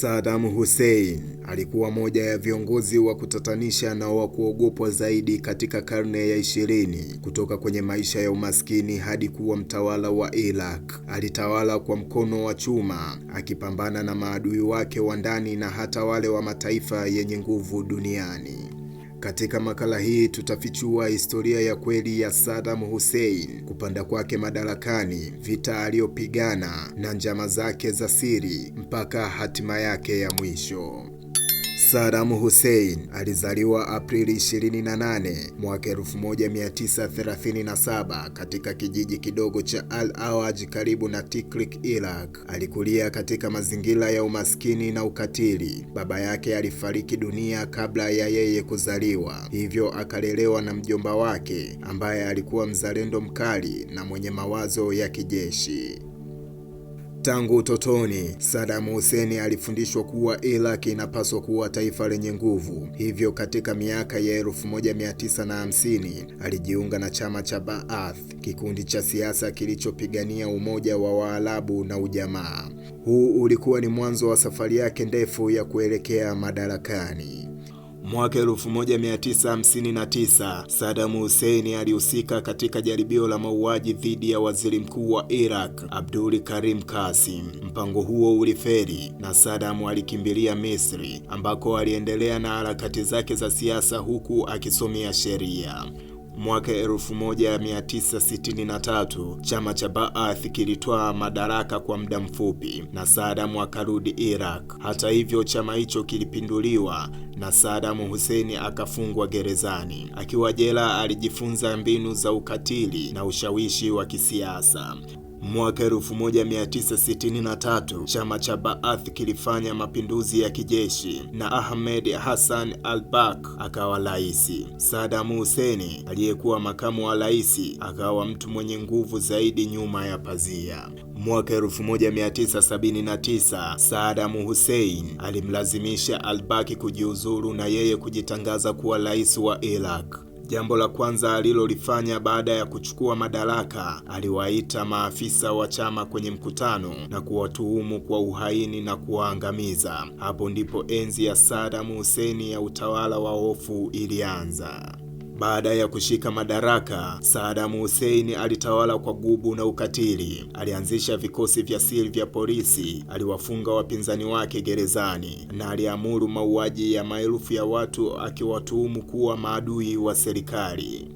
Saddam Hussein alikuwa moja ya viongozi wa kutatanisha na wa kuogopwa zaidi katika karne ya ishirini. Kutoka kwenye maisha ya umaskini hadi kuwa mtawala wa Iraq, alitawala kwa mkono wa chuma akipambana na maadui wake wa ndani na hata wale wa mataifa yenye nguvu duniani. Katika makala hii tutafichua historia ya kweli ya Saddam Hussein, kupanda kwake madarakani, vita aliyopigana na njama zake za siri mpaka hatima yake ya mwisho. Saddam Hussein alizaliwa Aprili 28 mwaka 1937 katika kijiji kidogo cha Al-Awaj karibu na Tikrit, Iraq. Alikulia katika mazingira ya umaskini na ukatili. Baba yake alifariki dunia kabla ya yeye kuzaliwa, hivyo akalelewa na mjomba wake ambaye alikuwa mzalendo mkali na mwenye mawazo ya kijeshi. Tangu utotoni, Saddam Hussein alifundishwa kuwa Iraq inapaswa kuwa taifa lenye nguvu. Hivyo katika miaka ya 1950 alijiunga na chama cha Baath, kikundi cha siasa kilichopigania umoja wa Waarabu na ujamaa. Huu ulikuwa ni mwanzo wa safari yake ndefu ya kuelekea madarakani. Mwaka 1959 Saddam Hussein alihusika katika jaribio la mauaji dhidi ya waziri mkuu wa Iraq Abdul Karim kasim Mpango huo uliferi na Saddam alikimbilia Misri ambako aliendelea na harakati zake za siasa huku akisomea sheria. Mwaka 1963 chama cha Baath kilitwaa madaraka kwa muda mfupi na Saddam akarudi Iraq. Hata hivyo, chama hicho kilipinduliwa na Saddam Hussein akafungwa gerezani. Akiwa jela, alijifunza mbinu za ukatili na ushawishi wa kisiasa. Mwaka 1963 chama cha Baath kilifanya mapinduzi ya kijeshi na Ahmed Hassan al akawa rais. Saddam Hussein aliyekuwa makamu wa rais akawa mtu mwenye nguvu zaidi nyuma ya pazia. Mwaka 1979 Saddam Hussein alimlazimisha al kujiuzuru na yeye kujitangaza kuwa rais wa Iraq. Jambo la kwanza alilolifanya baada ya kuchukua madaraka, aliwaita maafisa wa chama kwenye mkutano na kuwatuhumu kwa uhaini na kuwaangamiza. Hapo ndipo enzi ya Saddam Hussein ya utawala wa hofu ilianza. Baada ya kushika madaraka, Saddam Hussein alitawala kwa gubu na ukatili. Alianzisha vikosi vya siri vya polisi, aliwafunga wapinzani wake gerezani na aliamuru mauaji ya maelfu ya watu akiwatuhumu kuwa maadui wa serikali.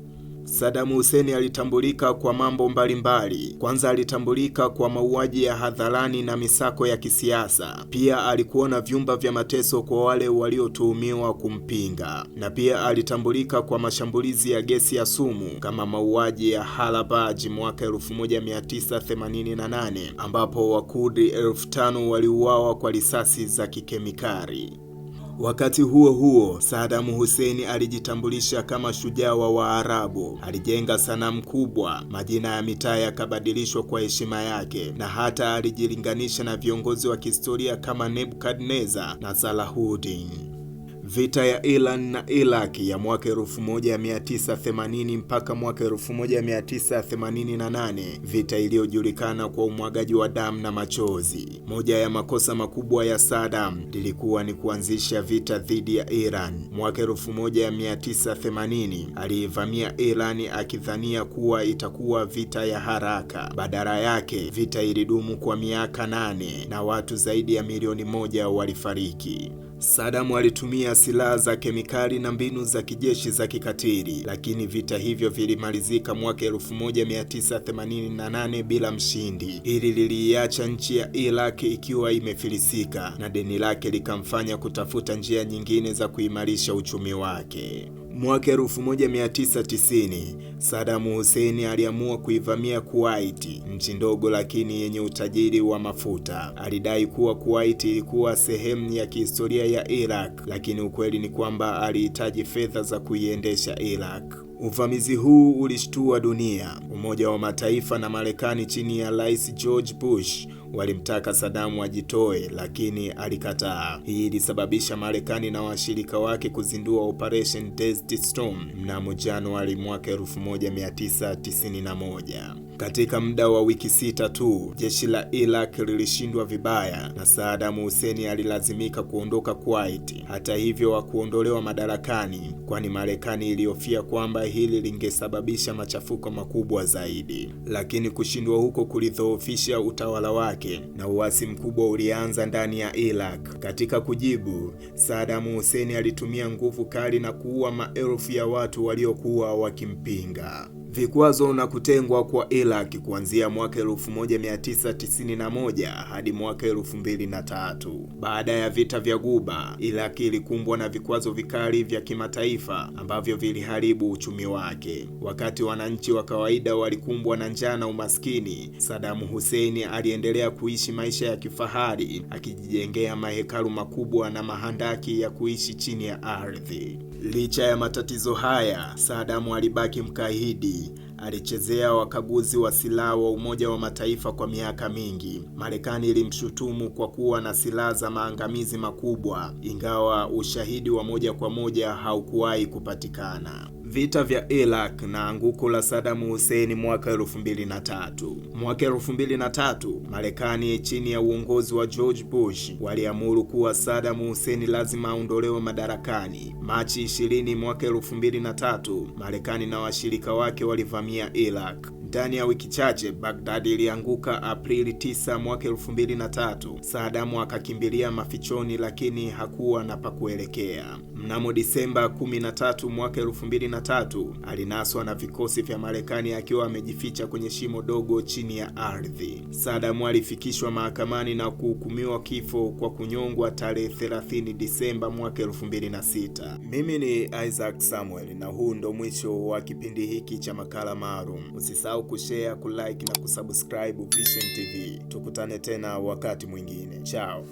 Saddam Hussein alitambulika kwa mambo mbalimbali. Kwanza alitambulika kwa mauaji ya hadharani na misako ya kisiasa. Pia alikuwa na vyumba vya mateso kwa wale waliotuhumiwa kumpinga, na pia alitambulika kwa mashambulizi ya gesi ya sumu kama mauaji ya Halabaj mwaka 1988 ambapo Wakurdi elfu tano waliuawa kwa risasi za kikemikali. Wakati huo huo, Saddam Hussein alijitambulisha kama shujaa wa Waarabu. Alijenga sanamu kubwa, majina ya mitaa yakabadilishwa kwa heshima yake, na hata alijilinganisha na viongozi wa kihistoria kama nebukadnezar na Salahuddin. Vita ya Iran na Iraq ya mwaka 1980 mpaka mwaka 1988, vita iliyojulikana kwa umwagaji wa damu na machozi. Moja ya makosa makubwa ya Saddam lilikuwa ni kuanzisha vita dhidi ya Iran. Mwaka 1980 aliivamia Iran akidhania kuwa itakuwa vita ya haraka. Badala yake, vita ilidumu kwa miaka nane na watu zaidi ya milioni moja walifariki. Sadamu alitumia silaha za kemikali na mbinu za kijeshi za kikatili, lakini vita hivyo vilimalizika mwaka 1988 bila mshindi. Hili liliiacha nchi ya Iraq ikiwa imefilisika na deni lake likamfanya kutafuta njia nyingine za kuimarisha uchumi wake. Mwaka 1990 Sadamu Hussein aliamua kuivamia Kuwait, nchi ndogo lakini yenye utajiri wa mafuta. Alidai kuwa Kuwait ilikuwa sehemu ya kihistoria ya Iraq, lakini ukweli ni kwamba alihitaji fedha za kuiendesha Iraq. Uvamizi huu ulishtua dunia. Umoja wa Mataifa na Marekani chini ya Rais George Bush walimtaka Sadamu ajitoe, lakini alikataa. Hii ilisababisha Marekani na washirika wake kuzindua Operation Desert Storm mnamo Januari mwaka 1991. Katika muda wa wiki sita tu, jeshi la Iraq lilishindwa vibaya na Saddam Hussein alilazimika kuondoka Kuwait. Hata hivyo, hakuondolewa madarakani, kwani Marekani ilihofia kwamba hili lingesababisha machafuko makubwa zaidi, lakini kushindwa huko kulidhoofisha utawala wake yake na uasi mkubwa ulianza ndani ya Iraq. Katika kujibu, Saddam Hussein alitumia nguvu kali na kuua maelfu ya watu waliokuwa wakimpinga. Vikwazo na kutengwa kwa Iraq kuanzia mwaka 1991 hadi mwaka 2003. Baada ya vita vya guba Iraq ilikumbwa na vikwazo vikali vya kimataifa ambavyo viliharibu uchumi wake. Wakati wananchi wa kawaida walikumbwa na njaa na umaskini, Saddam Hussein aliendelea kuishi maisha ya kifahari, akijijengea mahekalu makubwa na mahandaki ya kuishi chini ya ardhi. Licha ya matatizo haya, Saadamu alibaki mkaidi. Alichezea wakaguzi wa silaha wa Umoja wa Mataifa kwa miaka mingi. Marekani ilimshutumu kwa kuwa na silaha za maangamizi makubwa, ingawa ushahidi wa moja kwa moja haukuwahi kupatikana vita vya Iraq na anguko la Saddam Hussein mwaka 2003. Mwaka 2003, Marekani chini ya uongozi wa George Bush waliamuru kuwa Saddam Hussein lazima aondolewe madarakani. Machi 20 mwaka 2003, Marekani na washirika wake walivamia Iraq. Ndani ya wiki chache Baghdad ilianguka Aprili 9 mwaka 2003. Saadamu akakimbilia mafichoni, lakini hakuwa na pa kuelekea. Mnamo Disemba 13 mwaka 2003 alinaswa na vikosi vya Marekani akiwa amejificha kwenye shimo dogo chini ya ardhi. Saadamu alifikishwa mahakamani na kuhukumiwa kifo kwa kunyongwa tarehe 30 Disemba mwaka 2006. Mimi ni Isaac Samuel na huu ndo mwisho wa kipindi hiki cha makala maalum. Usisahau usisahau kushare, kulike na kusubscribe Vision TV. Tukutane tena wakati mwingine. Chao.